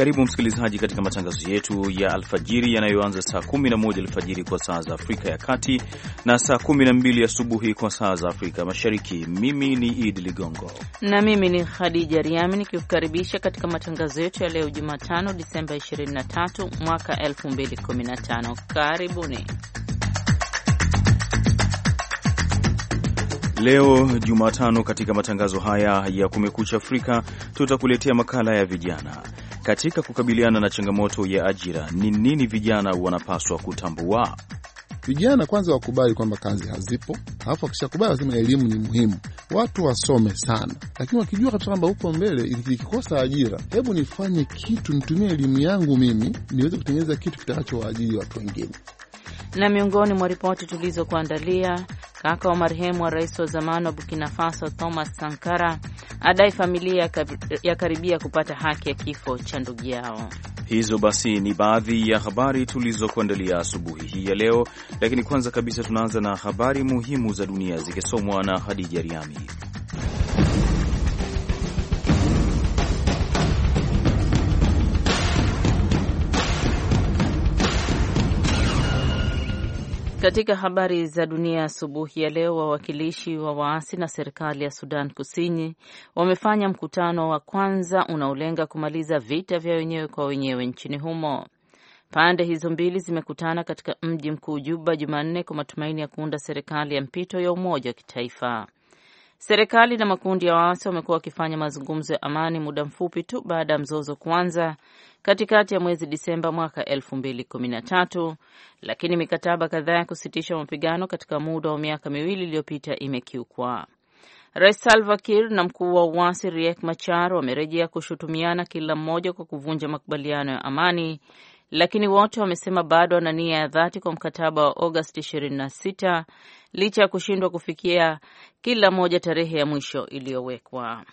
Karibu msikilizaji katika matangazo yetu ya alfajiri yanayoanza saa 11 alfajiri kwa saa za Afrika ya Kati na saa 12 asubuhi kwa saa za Afrika Mashariki. Mimi ni Idi Ligongo na mimi ni Khadija Riami nikikukaribisha katika matangazo yetu ya leo Jumatano, Disemba 23 mwaka 2015. Karibuni. Leo Jumatano, katika matangazo haya ya Kumekucha Afrika tutakuletea makala ya vijana katika kukabiliana na changamoto ya ajira, ni nini vijana wanapaswa kutambua? Vijana kwanza wakubali kwamba kazi hazipo, alafu wakishakubali lazima elimu ni muhimu. Watu wasome sana, lakini wakijua kabisa kwamba huko mbele ikikosa ajira, hebu nifanye kitu, nitumie elimu yangu mimi niweze kutengeneza kitu kitakachowaajiri watu wengine. Na miongoni mwa ripoti tulizokuandalia kaka wa marehemu wa rais wa zamani wa Burkina Faso Thomas Sankara adai familia ya karibia kupata haki ya kifo cha ndugu yao. Hizo basi ni baadhi ya habari tulizokuandalia asubuhi hii ya leo, lakini kwanza kabisa tunaanza na habari muhimu za dunia zikisomwa na Hadija Riami. Katika habari za dunia asubuhi ya leo, wawakilishi wa waasi na serikali ya Sudan Kusini wamefanya mkutano wa kwanza unaolenga kumaliza vita vya wenyewe kwa wenyewe nchini humo. Pande hizo mbili zimekutana katika mji mkuu Juba Jumanne kwa matumaini ya kuunda serikali ya mpito ya umoja wa kitaifa. Serikali na makundi ya waasi wamekuwa wakifanya mazungumzo ya amani muda mfupi tu baada ya mzozo kuanza katikati ya mwezi Disemba mwaka 2013, lakini mikataba kadhaa ya kusitisha mapigano katika muda wa miaka miwili iliyopita imekiukwa. Rais Salva Kiir na mkuu wa uasi Riek Machar wamerejea kushutumiana kila mmoja kwa kuvunja makubaliano ya amani lakini wote wamesema bado wana nia ya dhati kwa mkataba wa Agosti 26 licha ya kushindwa kufikia kila moja tarehe ya mwisho iliyowekwa.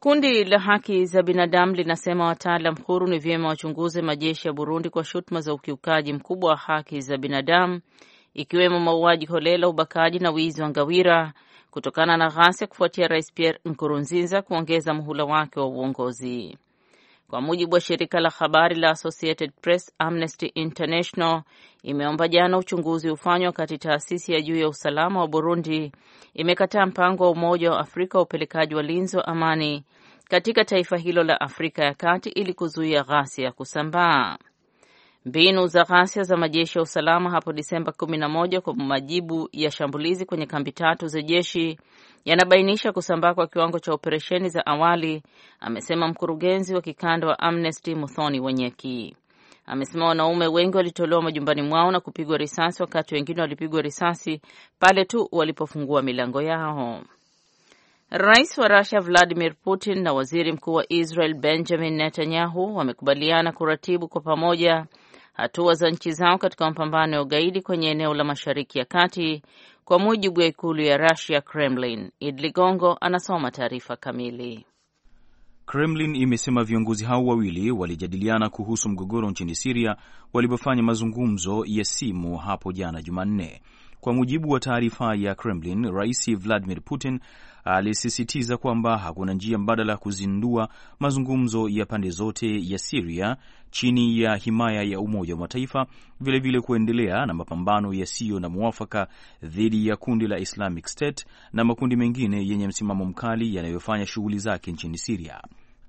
Kundi la haki za binadamu linasema wataalam huru ni vyema wachunguze majeshi ya Burundi kwa shutuma za ukiukaji mkubwa wa haki za binadamu ikiwemo mauaji holela, ubakaji na wizi wa ngawira kutokana na ghasia kufuatia Rais Pierre Nkurunziza kuongeza muhula wake wa uongozi. Kwa mujibu wa shirika la habari la Associated Press, Amnesty International imeomba jana uchunguzi ufanywe wakati taasisi ya juu ya usalama wa Burundi imekataa mpango wa Umoja wa Afrika wa upelekaji walinzi wa amani katika taifa hilo la Afrika ya Kati ili kuzuia ghasia kusambaa. Mbinu za ghasia za majeshi ya usalama hapo Disemba 11 kwa majibu ya shambulizi kwenye kambi tatu za jeshi yanabainisha kusambaa kwa kiwango cha operesheni za awali, amesema mkurugenzi wa kikanda wa Amnesty Muthoni Wenyeki. Amesema wanaume wengi walitolewa majumbani mwao na kupigwa risasi, wakati wengine walipigwa risasi pale tu walipofungua milango yao. Rais wa Rusia Vladimir Putin na waziri mkuu wa Israel Benjamin Netanyahu wamekubaliana kuratibu kwa pamoja hatua za nchi zao katika mapambano ya ugaidi kwenye eneo la Mashariki ya Kati kwa mujibu wa ikulu ya Russia, Kremlin. Id Ligongo anasoma taarifa kamili. Kremlin imesema viongozi hao wawili walijadiliana kuhusu mgogoro nchini Siria walipofanya mazungumzo ya simu hapo jana Jumanne. Kwa mujibu wa taarifa ya Kremlin, Rais Vladimir Putin alisisitiza kwamba hakuna njia mbadala ya kuzindua mazungumzo ya pande zote ya Siria chini ya himaya ya Umoja wa Mataifa, vilevile kuendelea na mapambano yasiyo na mwafaka dhidi ya kundi la Islamic State na makundi mengine yenye msimamo mkali yanayofanya shughuli zake nchini Siria.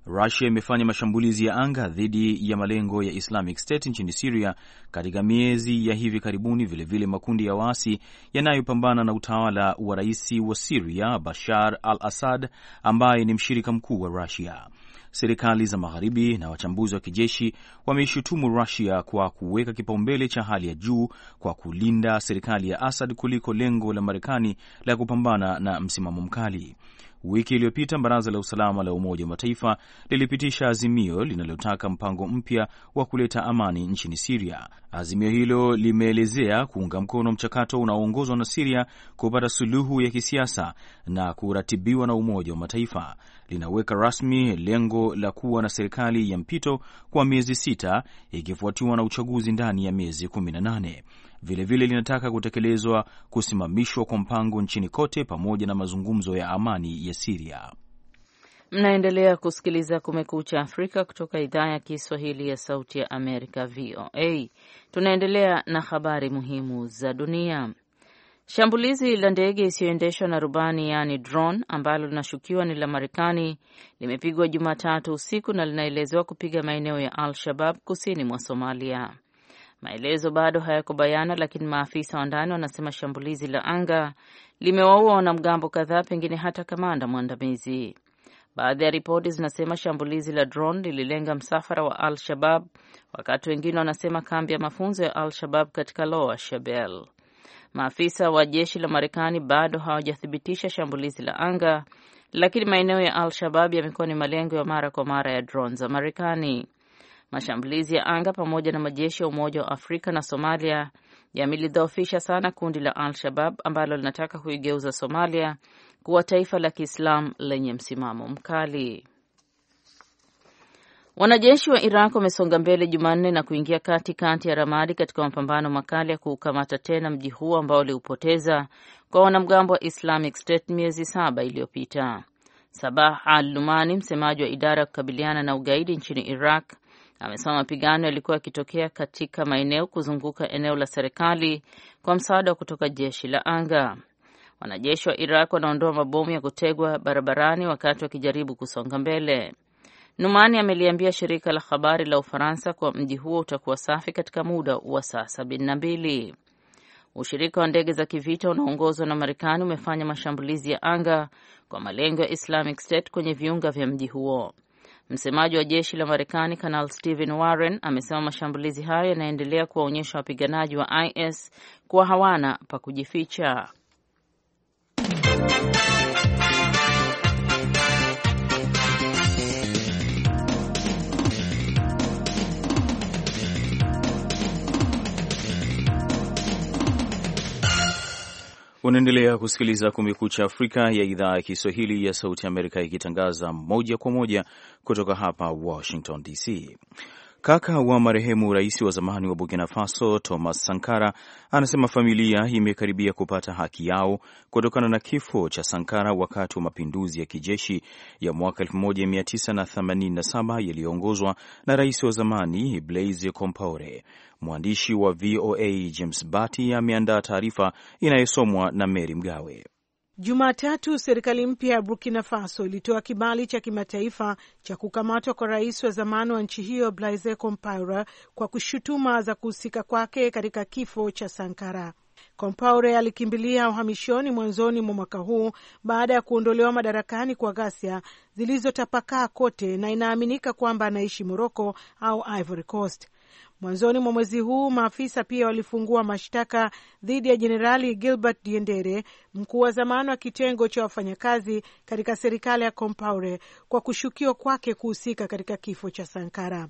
Rusia imefanya mashambulizi ya anga dhidi ya malengo ya Islamic State nchini Siria katika miezi ya hivi karibuni. Vilevile vile makundi ya waasi yanayopambana na utawala wa rais wa Siria Bashar al Assad ambaye ni mshirika mkuu wa Rusia. Serikali za magharibi na wachambuzi wa kijeshi wameishutumu Rusia kwa kuweka kipaumbele cha hali ya juu kwa kulinda serikali ya Assad kuliko lengo la Marekani la kupambana na msimamo mkali. Wiki iliyopita Baraza la Usalama la Umoja wa Mataifa lilipitisha azimio linalotaka mpango mpya wa kuleta amani nchini Siria. Azimio hilo limeelezea kuunga mkono mchakato unaoongozwa na Siria kupata suluhu ya kisiasa na kuratibiwa na Umoja wa Mataifa. Linaweka rasmi lengo la kuwa na serikali ya mpito kwa miezi sita, ikifuatiwa na uchaguzi ndani ya miezi kumi na nane vilevile linataka kutekelezwa kusimamishwa kwa mpango nchini kote pamoja na mazungumzo ya amani ya Siria. Mnaendelea kusikiliza Kumekucha Afrika kutoka idhaa ya Kiswahili ya Sauti ya Amerika, VOA. Tunaendelea na habari muhimu za dunia. Shambulizi la ndege isiyoendeshwa na rubani yaani drone ambalo linashukiwa ni la Marekani limepigwa Jumatatu usiku na linaelezewa kupiga maeneo ya Al Shabab kusini mwa Somalia. Maelezo bado hayako bayana, lakini maafisa wa ndani wanasema shambulizi la anga limewaua wanamgambo kadhaa, pengine hata kamanda mwandamizi. Baadhi ya ripoti zinasema shambulizi la drone lililenga msafara wa Al Shabab, wakati wengine wanasema kambi ya mafunzo ya Al Shabab katika Loa Shabel. Maafisa wa jeshi la Marekani bado hawajathibitisha shambulizi la anga, lakini maeneo ya Al Shabab yamekuwa ni malengo ya mara kwa mara ya drone za Marekani. Mashambulizi ya anga pamoja na majeshi ya Umoja wa Afrika na Somalia yamelidhoofisha sana kundi la Al-Shabab ambalo linataka kuigeuza Somalia kuwa taifa la Kiislamu lenye msimamo mkali. Wanajeshi wa Iraq wamesonga mbele Jumanne na kuingia kati kati ya Ramadi katika mapambano makali ya kuukamata tena mji huo ambao waliupoteza kwa wanamgambo wa Islamic State miezi saba iliyopita. Sabah al-Lumani, msemaji wa idara ya kukabiliana na ugaidi nchini Iraq, amesema mapigano yalikuwa yakitokea katika maeneo kuzunguka eneo la serikali kwa msaada wa kutoka jeshi la anga. Wanajeshi wa Iraq wanaondoa mabomu ya kutegwa barabarani wakati wakijaribu kusonga mbele. Numani ameliambia shirika la habari la Ufaransa kuwa mji huo utakuwa safi katika muda wa saa sabini na mbili. Ushirika wa ndege za kivita unaoongozwa na Marekani umefanya mashambulizi ya anga kwa malengo ya Islamic State kwenye viunga vya mji huo. Msemaji wa jeshi la Marekani Kanal Stephen Warren amesema mashambulizi hayo yanaendelea kuwaonyesha wapiganaji wa IS kuwa hawana pa kujificha. Unaendelea kusikiliza Kumekucha Afrika ya idhaa ya Kiswahili ya Sauti ya Amerika, ikitangaza moja kwa moja kutoka hapa Washington DC. Kaka wa marehemu rais wa zamani wa Burkina Faso Thomas Sankara anasema familia imekaribia kupata haki yao kutokana na kifo cha Sankara wakati wa mapinduzi ya kijeshi ya mwaka 1987 yaliyoongozwa na rais wa zamani Blaise Compaore. Mwandishi wa VOA James Bati ameandaa taarifa inayosomwa na Mary Mgawe. Jumatatu serikali mpya ya Burkina Faso ilitoa kibali cha kimataifa cha kukamatwa kwa rais wa zamani wa nchi hiyo Blaise Compaore kwa kushutuma za kuhusika kwake katika kifo cha Sankara. Compaore alikimbilia uhamishoni mwanzoni mwa mwaka huu baada ya kuondolewa madarakani kwa ghasia zilizotapakaa kote, na inaaminika kwamba anaishi Moroko au Ivory Coast. Mwanzoni mwa mwezi huu maafisa pia walifungua mashtaka dhidi ya Jenerali Gilbert Diendere, mkuu wa zamani wa kitengo cha wafanyakazi katika serikali ya Compaore, kwa kushukiwa kwake kuhusika katika kifo cha Sankara.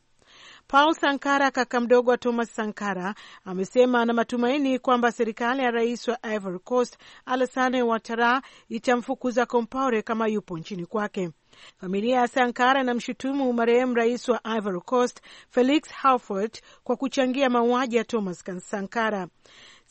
Paul Sankara, kaka mdogo wa Thomas Sankara, amesema ana matumaini kwamba serikali ya rais wa Ivory Coast Alassane Ouattara itamfukuza Compaore kama yupo nchini kwake. Familia ya Sankara inamshutumu marehemu rais wa Ivory Coast Felix Houphouet kwa kuchangia mauaji ya Thomas Sankara.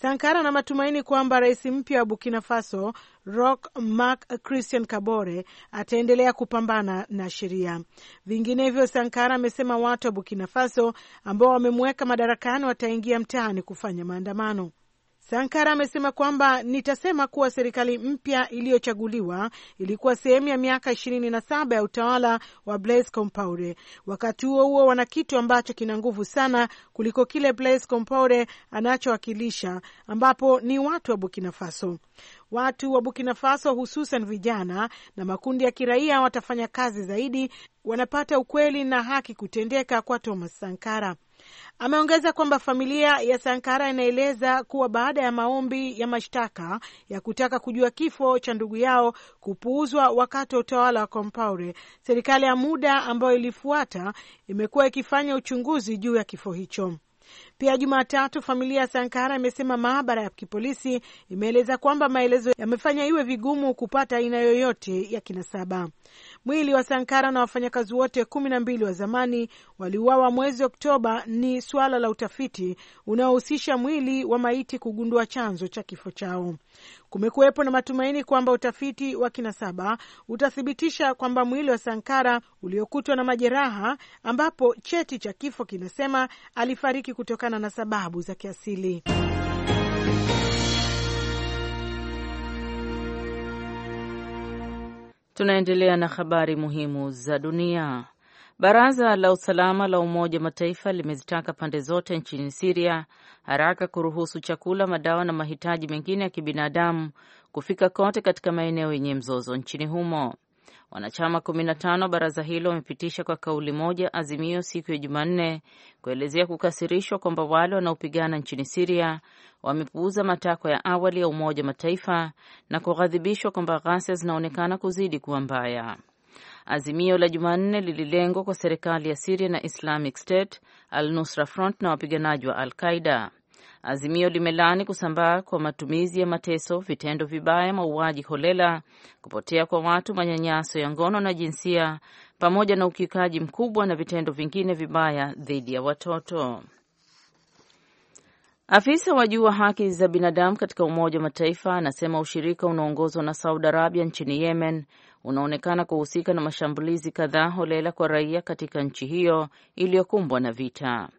Sankara ana matumaini kwamba rais mpya wa Burkina Faso Rock Mark Christian Kabore ataendelea kupambana na sheria. Vinginevyo, Sankara amesema watu wa Burkina Faso ambao wamemweka madarakani wataingia mtaani kufanya maandamano. Sankara amesema kwamba nitasema kuwa serikali mpya iliyochaguliwa ilikuwa sehemu ya miaka ishirini na saba ya utawala wa Blaise Compaore. Wakati huo huo, wana kitu ambacho kina nguvu sana kuliko kile Blaise Compaore anachowakilisha, ambapo ni watu wa Burkina Faso. Watu wa Burkina Faso, hususan vijana na makundi ya kiraia, watafanya kazi zaidi, wanapata ukweli na haki kutendeka kwa Thomas Sankara. Ameongeza kwamba familia ya Sankara inaeleza kuwa baada ya maombi ya mashtaka ya kutaka kujua kifo cha ndugu yao kupuuzwa wakati wa utawala wa Compaore, serikali ya muda ambayo ilifuata imekuwa ikifanya uchunguzi juu ya kifo hicho. Pia Jumatatu, familia ya Sankara imesema maabara ya kipolisi imeeleza kwamba maelezo yamefanya iwe vigumu kupata aina yoyote ya kinasaba. Mwili wa Sankara na wafanyakazi wote kumi na mbili wa zamani waliuawa mwezi Oktoba ni suala la utafiti unaohusisha mwili wa maiti kugundua chanzo cha kifo chao. Kumekuwepo na matumaini kwamba utafiti wa kinasaba utathibitisha kwamba mwili wa Sankara uliokutwa na majeraha, ambapo cheti cha kifo kinasema alifariki kutokana na sababu za kiasili. Tunaendelea na habari muhimu za dunia. Baraza la usalama la Umoja wa Mataifa limezitaka pande zote nchini Siria haraka kuruhusu chakula, madawa na mahitaji mengine ya kibinadamu kufika kote katika maeneo yenye mzozo nchini humo. Wanachama 15 wa baraza hilo wamepitisha kwa kauli moja azimio siku ya Jumanne kuelezea kukasirishwa kwamba wale wanaopigana nchini Siria wamepuuza matakwa ya awali ya Umoja Mataifa na kughadhibishwa kwamba ghasia zinaonekana kuzidi kuwa mbaya. Azimio la Jumanne lililengwa kwa serikali ya Siria na Islamic State, Al Nusra Front na wapiganaji wa Al Qaida. Azimio limelaani kusambaa kwa matumizi ya mateso, vitendo vibaya, mauaji holela, kupotea kwa watu, manyanyaso ya ngono na jinsia, pamoja na ukiukaji mkubwa na vitendo vingine vibaya dhidi ya watoto. Afisa wa juu wa haki za binadamu katika Umoja wa Mataifa anasema ushirika unaoongozwa na Saudi Arabia nchini Yemen unaonekana kuhusika na mashambulizi kadhaa holela kwa raia katika nchi hiyo iliyokumbwa na vita.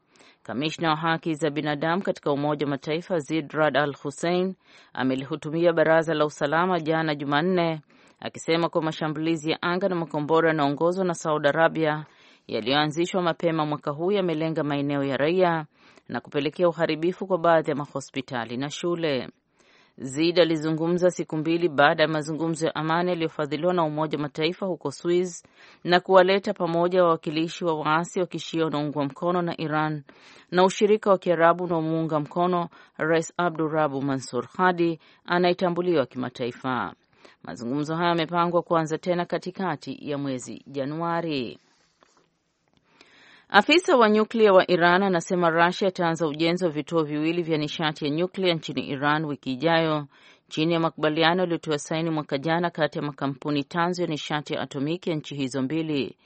Kamishna wa haki za binadamu katika Umoja wa Mataifa zidrad Al Hussein amelihutumia Baraza la Usalama jana Jumanne akisema kuwa mashambulizi ya anga na makombora yanaongozwa na Saudi Arabia yaliyoanzishwa mapema mwaka huu yamelenga maeneo ya raia na kupelekea uharibifu kwa baadhi ya mahospitali na shule. Zid alizungumza siku mbili baada ya mazungumzo ya amani yaliyofadhiliwa na Umoja wa Mataifa huko Swiss na kuwaleta pamoja wawakilishi wa waasi wa kishia wanaungwa mkono na Iran na ushirika wa Kiarabu unaomuunga mkono Rais Abdurabu Mansur Hadi anayetambuliwa kimataifa. Mazungumzo hayo yamepangwa kuanza tena katikati ya mwezi Januari. Afisa wa nyuklia wa Iran anasema rasia itaanza ujenzi wa vituo viwili vya nishati ya nyuklia nchini Iran wiki ijayo chini ya makubaliano yaliyotiwa saini mwaka jana kati ya makampuni tanzu ya nishati ya atomiki ya nchi hizo mbili.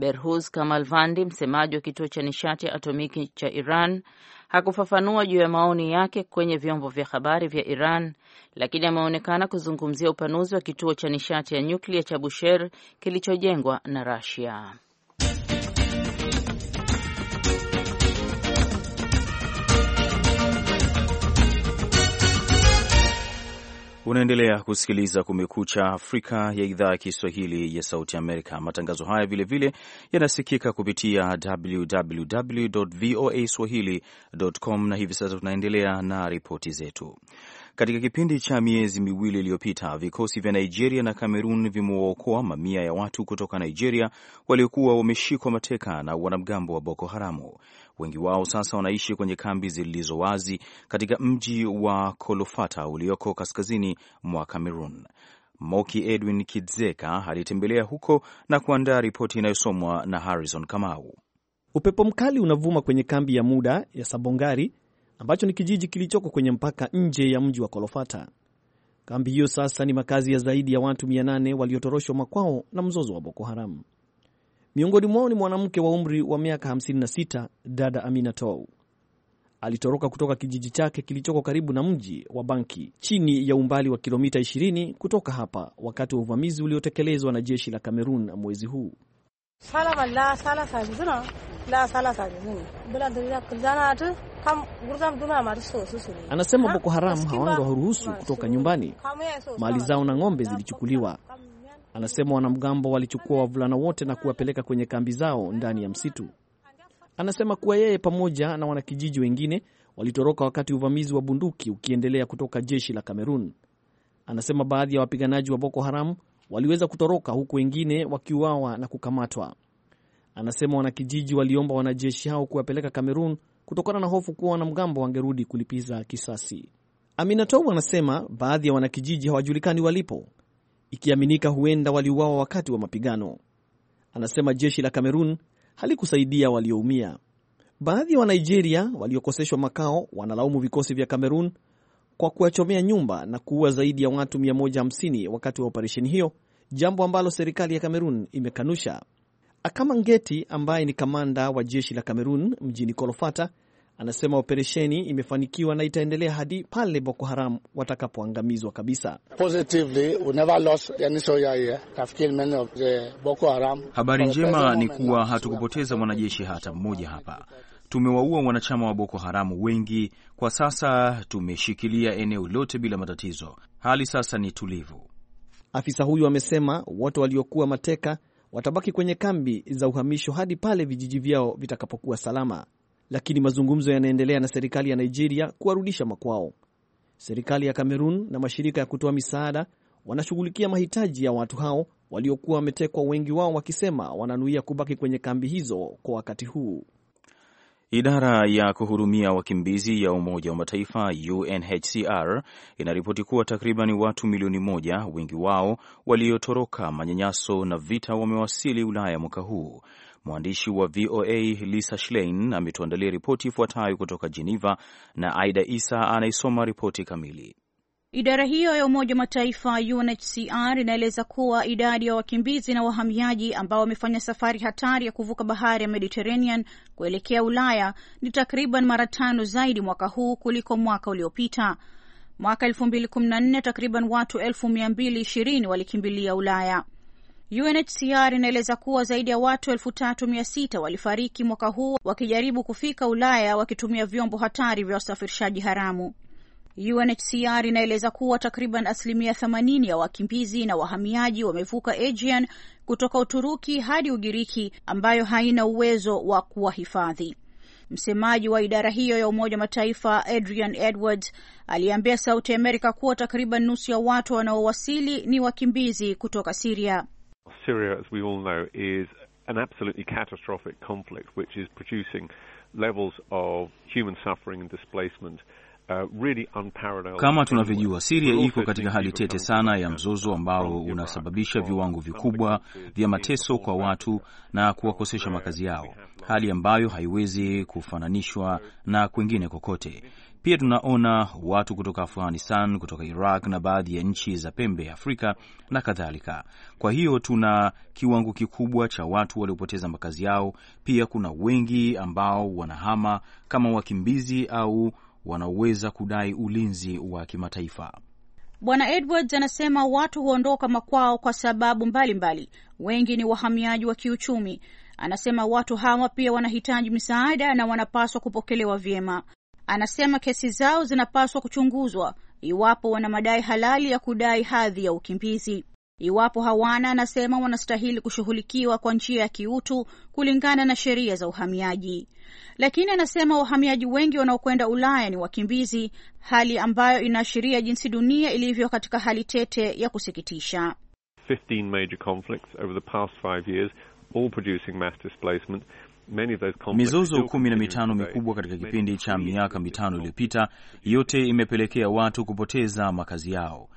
kamal Kamalvandi, msemaji wa kituo cha nishati ya atomiki cha Iran, hakufafanua juu ya maoni yake kwenye vyombo vya habari vya Iran, lakini ameonekana kuzungumzia upanuzi wa kituo cha nishati ya nyuklia cha busher kilichojengwa na rasia Unaendelea kusikiliza Kumekucha Afrika ya idhaa ya Kiswahili ya Sauti Amerika. Matangazo haya vilevile yanasikika kupitia www voa swahili.com, na hivi sasa tunaendelea na ripoti zetu. Katika kipindi cha miezi miwili iliyopita, vikosi vya Nigeria na Kamerun vimewaokoa mamia ya watu kutoka Nigeria waliokuwa wameshikwa mateka na wanamgambo wa Boko Haramu. Wengi wao sasa wanaishi kwenye kambi zilizo wazi katika mji wa Kolofata ulioko kaskazini mwa Cameroon. Moki Edwin Kidzeka alitembelea huko na kuandaa ripoti inayosomwa na Harrison Kamau. Upepo mkali unavuma kwenye kambi ya muda ya Sabongari ambacho ni kijiji kilichoko kwenye mpaka nje ya mji wa Kolofata. Kambi hiyo sasa ni makazi ya zaidi ya watu 800 waliotoroshwa makwao na mzozo wa Boko Haram. Miongoni mwao ni mwanamke wa umri wa miaka 56, dada Amina Tou. Alitoroka kutoka kijiji chake kilichoko karibu na mji wa Banki, chini ya umbali wa kilomita 20 kutoka hapa, wakati wa uvamizi uliotekelezwa na jeshi la Kamerun mwezi huu. Anasema Boko Haram hawanga waruhusu kutoka nyumbani, mali zao na ng'ombe zilichukuliwa. Anasema wanamgambo walichukua wavulana wote na kuwapeleka kwenye kambi zao ndani ya msitu. Anasema kuwa yeye pamoja na wanakijiji wengine walitoroka wakati uvamizi wa bunduki ukiendelea kutoka jeshi la Kamerun. Anasema baadhi ya wapiganaji wa Boko Haram waliweza kutoroka huku wengine wakiuawa na kukamatwa. Anasema wanakijiji waliomba wanajeshi hao kuwapeleka Kamerun kutokana na hofu kuwa wanamgambo wangerudi kulipiza kisasi. Aminatou anasema baadhi ya wanakijiji hawajulikani walipo ikiaminika huenda waliuawa wakati wa mapigano. Anasema jeshi la Kamerun halikusaidia walioumia. Baadhi ya wa Wanigeria waliokoseshwa makao wanalaumu vikosi vya Kamerun kwa kuwachomea nyumba na kuua zaidi ya watu 150 wakati wa operesheni hiyo, jambo ambalo serikali ya Kamerun imekanusha. Akama Ngeti ambaye ni kamanda wa jeshi la Kamerun mjini Kolofata Anasema operesheni imefanikiwa na itaendelea hadi pale Boko Haram watakapoangamizwa kabisa. Habari njema ni kuwa hatukupoteza mwanajeshi hata mmoja hapa. Tumewaua wanachama wa Boko Haramu wengi. Kwa sasa tumeshikilia eneo lote bila matatizo. Hali sasa ni tulivu. Afisa huyu amesema wote waliokuwa mateka watabaki kwenye kambi za uhamisho hadi pale vijiji vyao vitakapokuwa salama lakini mazungumzo yanaendelea na serikali ya Nigeria kuwarudisha makwao. Serikali ya Kamerun na mashirika ya kutoa misaada wanashughulikia mahitaji ya watu hao waliokuwa wametekwa, wengi wao wakisema wananuia kubaki kwenye kambi hizo kwa wakati huu. Idara ya kuhudumia wakimbizi ya Umoja wa Mataifa UNHCR inaripoti kuwa takriban watu milioni moja, wengi wao waliotoroka manyanyaso na vita, wamewasili Ulaya mwaka huu. Mwandishi wa VOA Lisa Schlein ametuandalia ripoti ifuatayo kutoka Geneva na Aida Isa anaisoma ripoti kamili. Idara hiyo ya Umoja wa Mataifa UNHCR inaeleza kuwa idadi ya wakimbizi na wahamiaji ambao wamefanya safari hatari ya kuvuka bahari ya Mediterranean kuelekea Ulaya ni takriban mara tano zaidi mwaka huu kuliko mwaka uliopita. Mwaka 2014 takriban watu e220 walikimbilia Ulaya. UNHCR inaeleza kuwa zaidi ya watu elfu tatu mia sita walifariki mwaka huu wakijaribu kufika Ulaya wakitumia vyombo hatari vya usafirishaji haramu. UNHCR inaeleza kuwa takriban asilimia 80 ya wakimbizi na wahamiaji wamevuka Aegean kutoka Uturuki hadi Ugiriki ambayo haina uwezo wa kuwahifadhi. Msemaji wa idara hiyo ya Umoja wa Mataifa Adrian Edwards aliambia Sauti Amerika kuwa takriban nusu ya watu wanaowasili ni wakimbizi kutoka Siria. Syria, as we all know, is an absolutely catastrophic conflict which is producing levels of human suffering and displacement. Uh, Kama tunavyojua, Siria iko katika hali tete sana ya mzozo ambao unasababisha viwango vikubwa vya mateso kwa watu na kuwakosesha makazi yao, hali ambayo haiwezi kufananishwa na kwingine kokote. Pia tunaona watu kutoka Afghanistan, kutoka Iraq na baadhi ya nchi za pembe ya Afrika na kadhalika. Kwa hiyo tuna kiwango kikubwa cha watu waliopoteza makazi yao. Pia kuna wengi ambao wanahama kama wakimbizi au wanaoweza kudai ulinzi wa kimataifa. Bwana Edwards anasema watu huondoka makwao kwa sababu mbalimbali mbali. Wengi ni wahamiaji wa kiuchumi. Anasema watu hawa pia wanahitaji misaada na wanapaswa kupokelewa vyema. Anasema kesi zao zinapaswa kuchunguzwa iwapo wana madai halali ya kudai hadhi ya ukimbizi. Iwapo hawana, anasema wanastahili kushughulikiwa kwa njia ya kiutu kulingana na sheria za uhamiaji. Lakini anasema wahamiaji wengi wanaokwenda Ulaya ni wakimbizi, hali ambayo inaashiria jinsi dunia ilivyo katika hali tete ya kusikitisha. major conflicts over the past five years all producing mass displacement Mizozo kumi na mitano mikubwa katika kipindi cha miaka mitano iliyopita, yote imepelekea watu kupoteza makazi yao.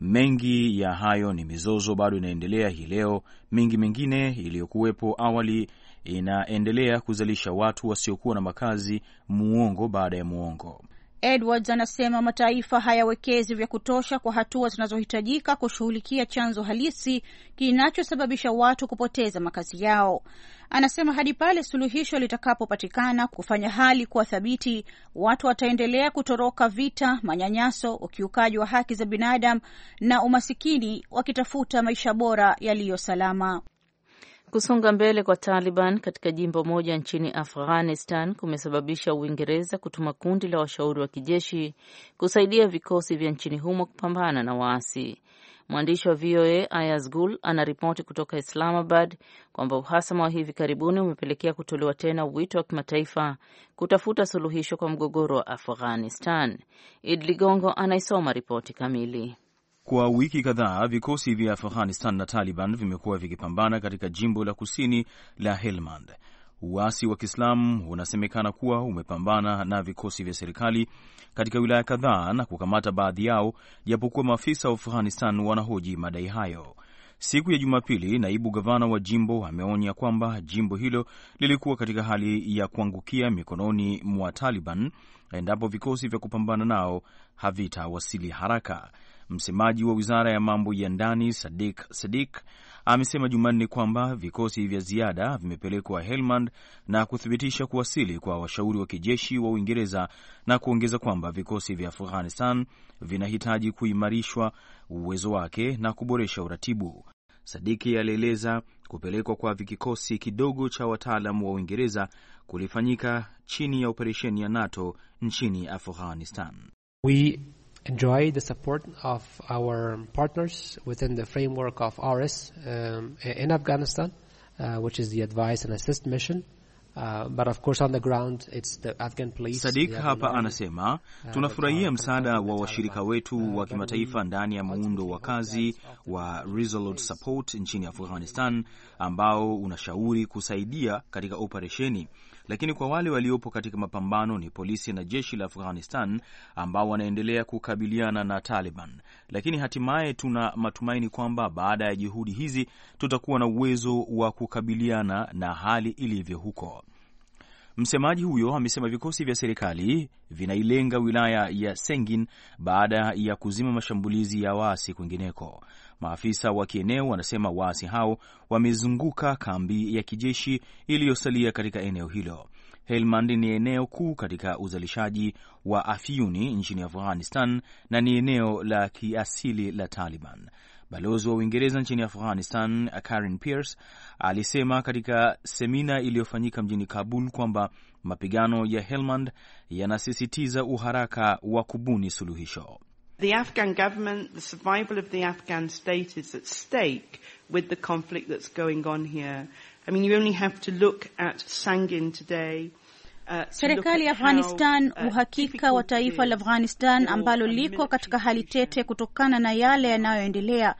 Mengi ya hayo ni mizozo bado inaendelea hii leo. Mingi mingine iliyokuwepo awali inaendelea kuzalisha watu wasiokuwa na makazi muongo baada ya muongo. Edwards anasema mataifa hayawekezi vya kutosha kwa hatua zinazohitajika kushughulikia chanzo halisi kinachosababisha watu kupoteza makazi yao. Anasema hadi pale suluhisho litakapopatikana kufanya hali kuwa thabiti, watu wataendelea kutoroka vita, manyanyaso, ukiukaji wa haki za binadamu na umasikini, wakitafuta maisha bora yaliyo salama. Kusonga mbele kwa Taliban katika jimbo moja nchini Afghanistan kumesababisha Uingereza kutuma kundi la washauri wa kijeshi kusaidia vikosi vya nchini humo kupambana na waasi. Mwandishi wa VOA Ayaz Gul anaripoti kutoka Islamabad kwamba uhasama wa hivi karibuni umepelekea kutolewa tena wito wa kimataifa kutafuta suluhisho kwa mgogoro wa Afghanistan. Id Ligongo anaisoma ripoti kamili. Kwa wiki kadhaa vikosi vya Afghanistan na Taliban vimekuwa vikipambana katika jimbo la kusini la Helmand. Uasi wa Kiislamu unasemekana kuwa umepambana na vikosi vya serikali katika wilaya kadhaa na kukamata baadhi yao, japokuwa maafisa wa Afghanistan wanahoji madai hayo. Siku ya Jumapili, naibu gavana wa jimbo ameonya kwamba jimbo hilo lilikuwa katika hali ya kuangukia mikononi mwa Taliban endapo vikosi vya kupambana nao havitawasili haraka. Msemaji wa wizara ya mambo ya ndani Sadik Sadik amesema Jumanne kwamba vikosi vya ziada vimepelekwa Helmand na kuthibitisha kuwasili kwa washauri wa kijeshi wa Uingereza na kuongeza kwamba vikosi vya Afghanistan vinahitaji kuimarishwa uwezo wake na kuboresha uratibu. Sadiki alieleza kupelekwa kwa vikikosi kidogo cha wataalam wa Uingereza kulifanyika chini ya operesheni ya NATO nchini Afghanistan. We enjoy the support of our partners within the framework of RS um, in Afghanistan, uh, which is the Advice and Assist Mission. Uh, but of course on the ground it's the Afghan police. Sadik hapa army. Anasema uh, tunafurahia msaada wa washirika wetu uh, wa kimataifa ndani ya uh, muundo wa kazi wa Resolute Support nchini Afghanistan ambao unashauri kusaidia katika operesheni lakini kwa wale waliopo katika mapambano ni polisi na jeshi la Afghanistan ambao wanaendelea kukabiliana na Taliban. Lakini hatimaye tuna matumaini kwamba baada ya juhudi hizi tutakuwa na uwezo wa kukabiliana na hali ilivyo huko. Msemaji huyo amesema vikosi vya serikali vinailenga wilaya ya Sengin baada ya kuzima mashambulizi ya waasi kwingineko. Maafisa wa kieneo wanasema waasi hao wamezunguka kambi ya kijeshi iliyosalia katika eneo hilo. Helmand ni eneo kuu katika uzalishaji wa afyuni nchini Afghanistan na ni eneo la kiasili la Taliban. Balozi wa Uingereza nchini Afghanistan Karen Pierce alisema katika semina iliyofanyika mjini Kabul kwamba mapigano ya Helmand yanasisitiza uharaka wa kubuni suluhisho the Afghan government, the survival of the Afghan state is at stake with the conflict that's going on here. I mean, you only have to look at Sangin today. Uh, serikali ya Afghanistan, uh, uhakika wa taifa la Afghanistan ambalo liko katika hali tete kutokana na yale yanayoendelea.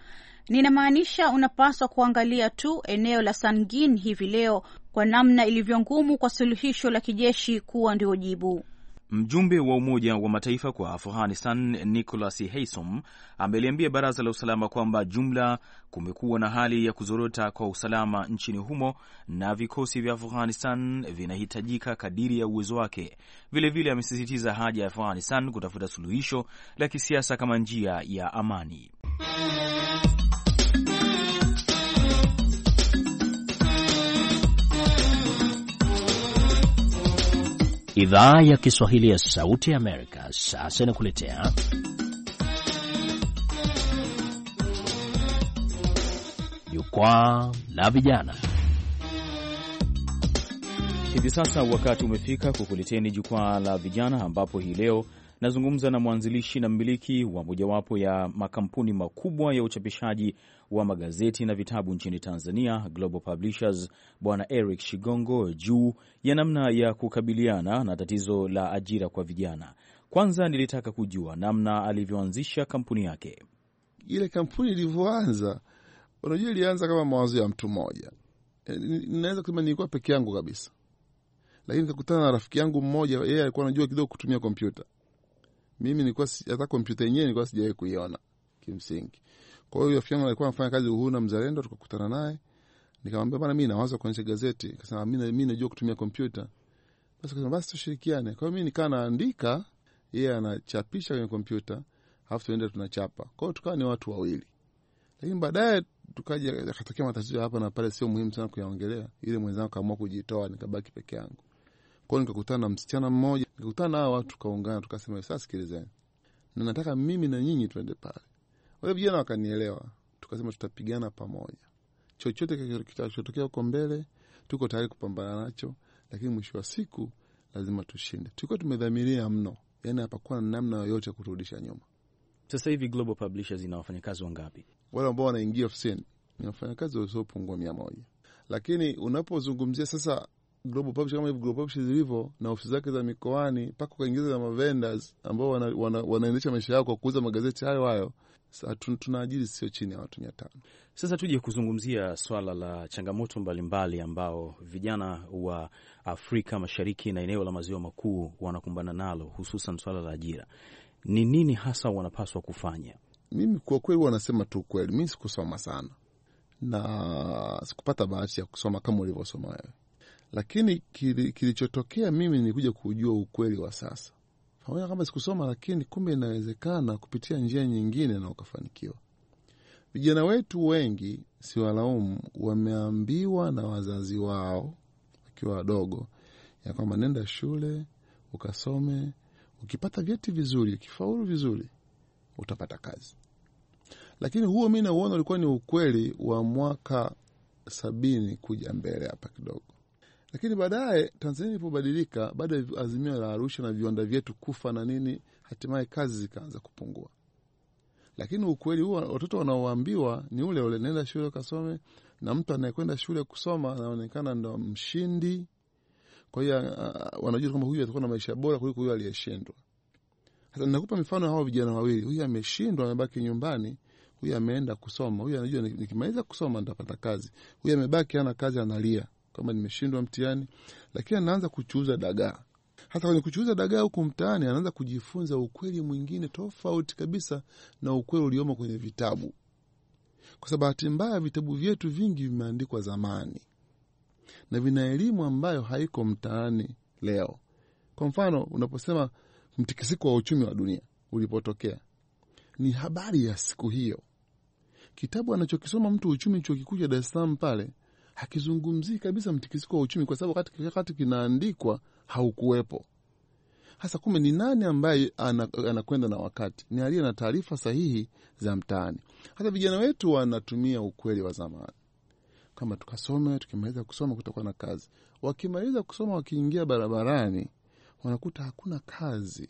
Ninamaanisha, unapaswa kuangalia tu eneo la Sangin hivi leo kwa namna ilivyo ngumu kwa suluhisho la kijeshi kuwa ndio jibu. Mjumbe wa Umoja wa Mataifa kwa Afghanistan Nicholas Haysom ameliambia Baraza la Usalama kwamba jumla kumekuwa na hali ya kuzorota kwa usalama nchini humo na vikosi vya Afghanistan vinahitajika kadiri ya uwezo wake. Vilevile amesisitiza haja ya Afghanistan kutafuta suluhisho la kisiasa kama njia ya amani. Idhaa ya Kiswahili ya Sauti ya Amerika sasa inakuletea Jukwaa la Vijana. Hivi sasa wakati umefika kukuleteni Jukwaa la Vijana, ambapo hii leo Nazungumza na mwanzilishi na mmiliki wa mojawapo ya makampuni makubwa ya uchapishaji wa magazeti na vitabu nchini Tanzania, Global Publishers, Bwana Eric Shigongo, juu ya namna ya kukabiliana na tatizo la ajira kwa vijana. Kwanza nilitaka kujua namna alivyoanzisha kampuni yake. Ile kampuni ilivyoanza, unajua, ilianza kama mawazo ya mtu mmoja. Eh, Naweza kusema nilikuwa peke yangu kabisa, lakini nikakutana na rafiki yangu mmoja, yeye alikuwa anajua kidogo kutumia kompyuta mimi nilikuwa hata kompyuta yenyewe nilikuwa sijawahi kuiona kimsingi. Kwa hiyo rafiki yangu alikuwa anafanya kazi Uhuru na Mzalendo, tukakutana naye nikamwambia, bana, mimi nawaza kuonyesha gazeti. Akasema mimi najua kutumia kompyuta. Basi kasema basi tushirikiane. Kwa hiyo mimi nikaa naandika, yeye yeah, anachapisha kwenye kompyuta alafu tuende tunachapa. Kwa hiyo tukawa ni watu wawili, lakini baadaye tukaja akatokea matatizo hapa na pale, sio muhimu sana kuyaongelea. Ile mwenzangu kaamua kujitoa, nikabaki peke yangu. Kwa hiyo nikakutana na msichana mmoja nikutana na watu tukaungana, tukasema sasa, sikilizeni, na nataka mimi na nyinyi tuende pale. Wale vijana wakanielewa, tukasema tutapigana pamoja, chochote kitachotokea huko mbele tuko tayari kupambana nacho, lakini mwisho wa siku lazima tushinde. Tulikuwa tumedhamiria mno, yani hapakuwa na namna yoyote nyuma. Sasa hivi Global Publishers ina wafanyakazi wangapi? Wale ambao wanaingia ofisini ni wafanyakazi wasiopungua mia moja, lakini unapozungumzia sasa Global Publishing kama hivyo Global Publishing zilivyo na ofisi zake za mikoani mpaka ukaingiza na mavendors ambao wanaendesha wana, wana maisha yao kwa kuuza magazeti hayo hayo. Tunaajiri sio chini ya watu mia tano. Sasa tuje kuzungumzia swala la changamoto mbalimbali mbali ambao vijana wa Afrika Mashariki na eneo la maziwa makuu wanakumbana nalo, hususan swala la ajira. Ni nini hasa wanapaswa kufanya? Mimi kwa kweli, wanasema tu kweli, mi sikusoma sana na sikupata bahati ya kusoma kama ulivyosoma wewe lakini kilichotokea mimi nikuja kujua ukweli wa sasa, pamoja kama sikusoma, lakini kumbe inawezekana kupitia njia nyingine na ukafanikiwa. Vijana wetu wengi, si walaumu, wameambiwa na wazazi wao wakiwa wadogo ya kwamba nenda shule ukasome, ukipata vyeti vizuri, ukifaulu vizuri, utapata kazi. Lakini huo mi nauona ulikuwa ni ukweli wa mwaka sabini kuja mbele hapa kidogo lakini baadaye Tanzania ilipobadilika baada ya azimio la Arusha na viwanda vyetu kufa na nini, hatimaye kazi zikaanza kupungua. Lakini ukweli huo watoto wanaoambiwa ni ule ule, nenda shule ukasome, na mtu anayekwenda shule kusoma anaonekana ndo mshindi. Kwa hiyo uh, wanajua kwamba huyu atakuwa na maisha bora kuliko huyu aliyeshindwa. Sasa nakupa mifano hawa vijana wawili, huyu ameshindwa amebaki nyumbani, huyu ameenda kusoma. Huyu anajua nikimaliza kusoma nitapata kazi, huyu amebaki ana kazi, analia kama nimeshindwa mtihani, lakini anaanza kuchuuza dagaa. Hasa kwenye kuchuuza dagaa huku mtaani, anaanza kujifunza ukweli mwingine tofauti kabisa na ukweli uliomo kwenye vitabu, kwa sababu bahati mbaya vitabu vyetu vingi vimeandikwa zamani na vina elimu ambayo haiko mtaani leo. Kwa mfano, unaposema mtikisiko wa uchumi wa dunia ulipotokea, ni habari ya siku hiyo. Kitabu anachokisoma mtu uchumi chuo kikuu cha Dar es Salaam pale hakizungumzii kabisa mtikisiko wa uchumi, kwa sababu wakati, wakati kinaandikwa haukuwepo. Hasa kumbe ni nani ambaye anakwenda ana na wakati? Ni aliye na taarifa sahihi za mtaani. Hata vijana wetu wanatumia ukweli wa zamani, kwamba tukasome, tukimaliza kusoma kutakuwa na kazi. Wakimaliza kusoma, wakiingia barabarani, wanakuta hakuna kazi,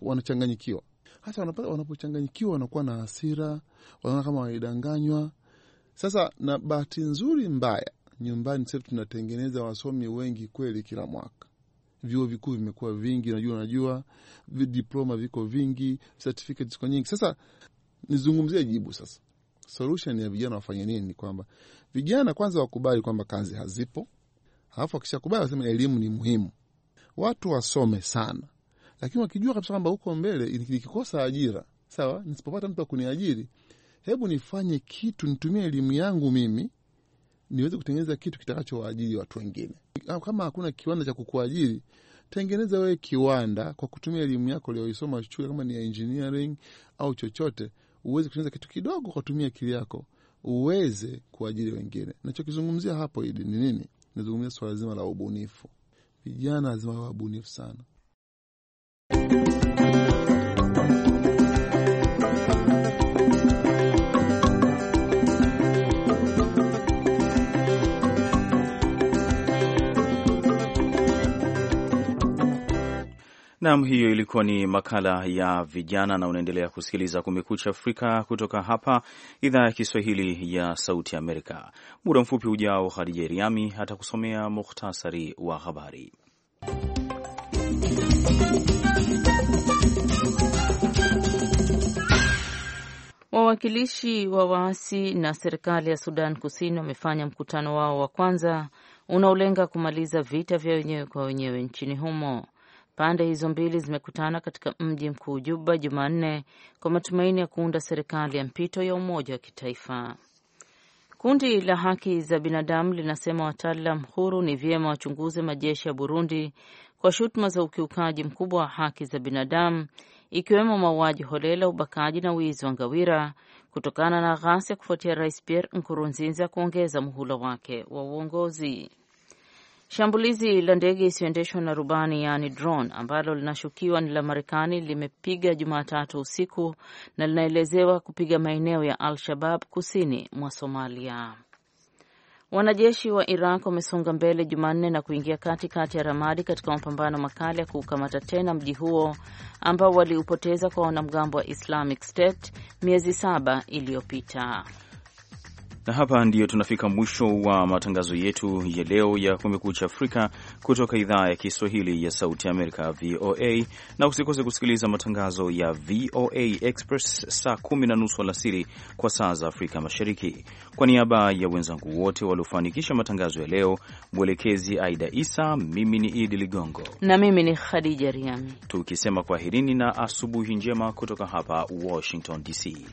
wanachanganyikiwa. Hasa wanapochanganyikiwa, wanakuwa na hasira, wanaona kama walidanganywa, sasa na bahati nzuri mbaya, nyumbani sasa tunatengeneza wasomi wengi kweli. Kila mwaka vyuo vikuu vimekuwa vingi, najua najua diploma viko vingi, certificate ziko nyingi. Sasa nizungumzie jibu sasa, solution ya vijana wafanye nini? Ni kwamba vijana kwanza wakubali kwamba kazi hazipo, alafu wakishakubali waseme elimu ni muhimu, watu wasome sana, lakini wakijua kabisa kwamba huko mbele nikikosa ajira sawa, nisipopata mtu akuniajiri hebu nifanye kitu, nitumie elimu yangu mimi niweze kutengeneza kitu kitakachowaajiri watu wengine. Kama hakuna kiwanda cha kukuajiri, tengeneza wewe kiwanda kwa kutumia elimu yako uliyoisoma shule, kama ni engineering au chochote, uweze kutengeneza kitu kidogo kwa kutumia akili yako, uweze kuajiri wengine. Nachokizungumzia hapo Idi ni nini? Nazungumzia swala zima la ubunifu. Vijana lazima wawe wabunifu sana. Nam, hiyo ilikuwa ni makala ya vijana, na unaendelea kusikiliza Kumekucha Afrika kutoka hapa idhaa ya Kiswahili ya Sauti Amerika. Muda mfupi ujao, hadija Riami atakusomea muhtasari wa habari. Wawakilishi wa waasi na serikali ya Sudan Kusini wamefanya mkutano wao wa kwanza unaolenga kumaliza vita vya wenyewe kwa wenyewe nchini humo. Pande hizo mbili zimekutana katika mji mkuu Juba Jumanne kwa matumaini ya kuunda serikali ya mpito ya umoja wa kitaifa. Kundi la haki za binadamu linasema wataalam huru ni vyema wachunguze majeshi ya Burundi kwa shutuma za ukiukaji mkubwa wa haki za binadamu ikiwemo mauaji holela, ubakaji na wizi wa ngawira kutokana na ghasia kufuatia Rais Pierre Nkurunziza kuongeza muhula wake wa uongozi. Shambulizi la ndege isiyoendeshwa na rubani yaani drone ambalo linashukiwa ni la Marekani limepiga Jumatatu usiku na linaelezewa kupiga maeneo ya Al-Shabab kusini mwa Somalia. Wanajeshi wa Iraq wamesonga mbele Jumanne na kuingia kati kati ya Ramadi katika mapambano makali ya kuukamata tena mji huo ambao waliupoteza kwa wanamgambo wa Islamic State miezi saba iliyopita. Na hapa ndiyo tunafika mwisho wa matangazo yetu ya leo ya Kumekucha Afrika kutoka idhaa ya Kiswahili ya Sauti Amerika, VOA. Na usikose kusikiliza matangazo ya VOA Express saa kumi na nusu alasiri kwa saa za Afrika Mashariki. Kwa niaba ya wenzangu wote waliofanikisha matangazo ya leo, mwelekezi Aida Isa, mimi ni Idi Ligongo na mimi ni Khadija Riami, tukisema kwaherini na asubuhi njema kutoka hapa Washington DC.